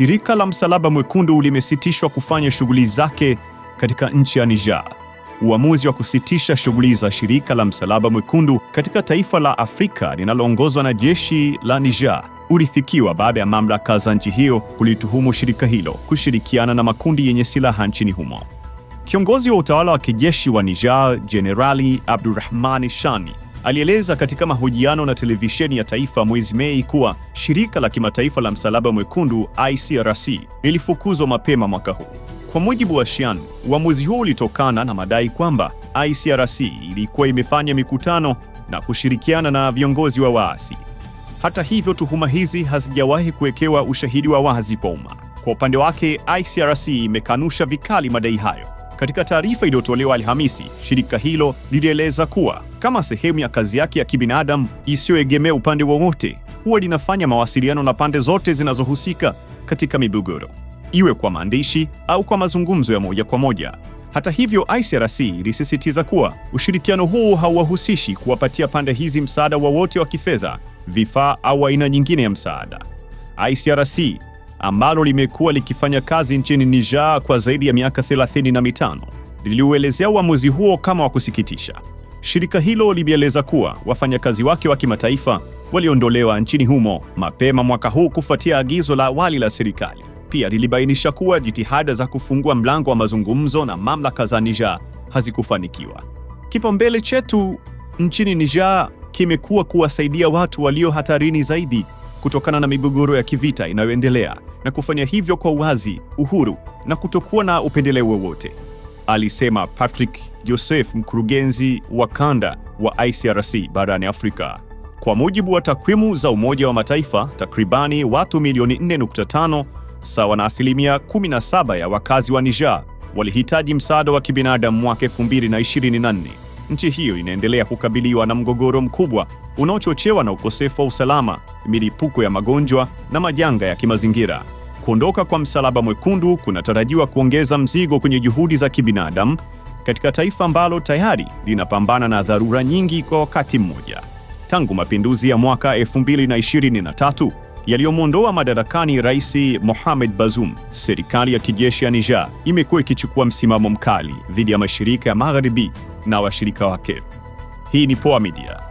shirika la Msalaba Mwekundu limesitishwa kufanya shughuli zake katika nchi ya Niger. Uamuzi wa kusitisha shughuli za shirika la Msalaba Mwekundu katika taifa la Afrika linaloongozwa na jeshi la Niger ulifikiwa baada ya mamlaka za nchi hiyo kulituhumu shirika hilo kushirikiana na makundi yenye silaha nchini humo. Kiongozi wa utawala wa kijeshi wa Niger, Jenerali Abdurrahmani shani Alieleza katika mahojiano na televisheni ya taifa mwezi Mei kuwa shirika la kimataifa la Msalaba Mwekundu ICRC lilifukuzwa mapema mwaka huu. Kwa mujibu wa Shian, uamuzi huo ulitokana na madai kwamba ICRC ilikuwa imefanya mikutano na kushirikiana na viongozi wa waasi. Hata hivyo, tuhuma hizi hazijawahi kuwekewa ushahidi wa wazi kwa umma. Kwa upande wake, ICRC imekanusha vikali madai hayo. Katika taarifa iliyotolewa Alhamisi, shirika hilo lilieleza kuwa kama sehemu ya kazi yake ya kibinadamu isiyoegemea upande wowote, huwa linafanya mawasiliano na pande zote zinazohusika katika migogoro, iwe kwa maandishi au kwa mazungumzo ya moja kwa moja. Hata hivyo, ICRC ilisisitiza kuwa ushirikiano huu hauwahusishi kuwapatia pande hizi msaada wowote wa, wa kifedha, vifaa au aina nyingine ya msaada. ICRC ambalo limekuwa likifanya kazi nchini Niger kwa zaidi ya miaka 35 liliuelezea uamuzi huo kama wa kusikitisha. Shirika hilo limeeleza kuwa wafanyakazi wake wa kimataifa waliondolewa nchini humo mapema mwaka huu kufuatia agizo la awali la serikali. Pia lilibainisha kuwa jitihada za kufungua mlango wa mazungumzo na mamlaka za Niger hazikufanikiwa. Kipaumbele chetu nchini Niger kimekuwa kuwasaidia watu walio hatarini zaidi kutokana na migogoro ya kivita inayoendelea na kufanya hivyo kwa uwazi, uhuru na kutokuwa na upendeleo wowote, alisema Patrick Joseph, mkurugenzi wa kanda wa ICRC barani Afrika. Kwa mujibu wa takwimu za Umoja wa Mataifa, takribani watu milioni 4.5 sawa na asilimia 17 ya wakazi wa Niger walihitaji msaada wa kibinadamu mwaka 2024 nchi hiyo inaendelea kukabiliwa na mgogoro mkubwa unaochochewa na ukosefu wa usalama, milipuko ya magonjwa na majanga ya kimazingira. Kuondoka kwa Msalaba Mwekundu kunatarajiwa kuongeza mzigo kwenye juhudi za kibinadamu katika taifa ambalo tayari linapambana na dharura nyingi kwa wakati mmoja. Tangu mapinduzi ya mwaka 2023 yaliyomwondoa madarakani Rais Mohamed Bazoum. Serikali ya kijeshi ya Niger imekuwa ikichukua msimamo mkali dhidi ya mashirika ya Magharibi na washirika wake. Hii ni Poa Media.